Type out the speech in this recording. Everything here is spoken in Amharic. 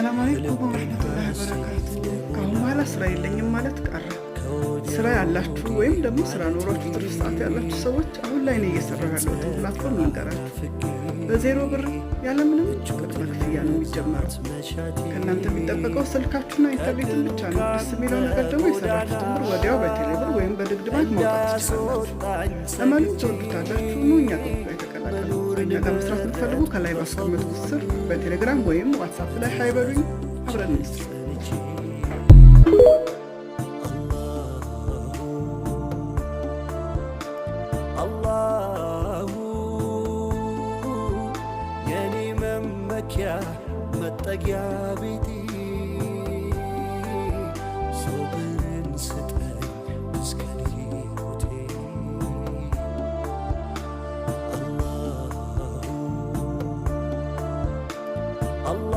ሰላም አለይኩም ወረህመቱላሂ ወበረካቱ። ከአሁን በኋላ ስራ የለኝም ማለት ቀረ። ስራ ያላችሁ ወይም ደግሞ ስራ ኖሯችሁ ትርፍ ሰዓት ያላችሁ ሰዎች አሁን ላይ ነው እየሰራሁ ያለሁትን ፕላትፎርም ልንገራችሁ። በዜሮ ብር ያለምንም ቅድመ ክፍያ ነው የሚጀመረው። ከእናንተ የሚጠበቀው ስልካችሁና ኢንተርኔትን ብቻ ነው። ደስ የሚለው ነገር ደግሞ የሰራችሁትን ብር ወዲያው በቴሌ ብር ወይም በድግድ ባንክ ማውጣት ትችላላችሁ። ለማንም ተወዱታላችሁ። ኑ እኛ ጋር ተቀላቀሉ። ከእኛ ጋር መስራት የምትፈልጉ ከላይ ባስቀመጥኩት ስር በቴሌግራም ወይም ዋትሳፕ ላይ ሃይ አብረን እንስራ። አላሁ የኔ መመኪያ መጠጊያ ቤቴ Allah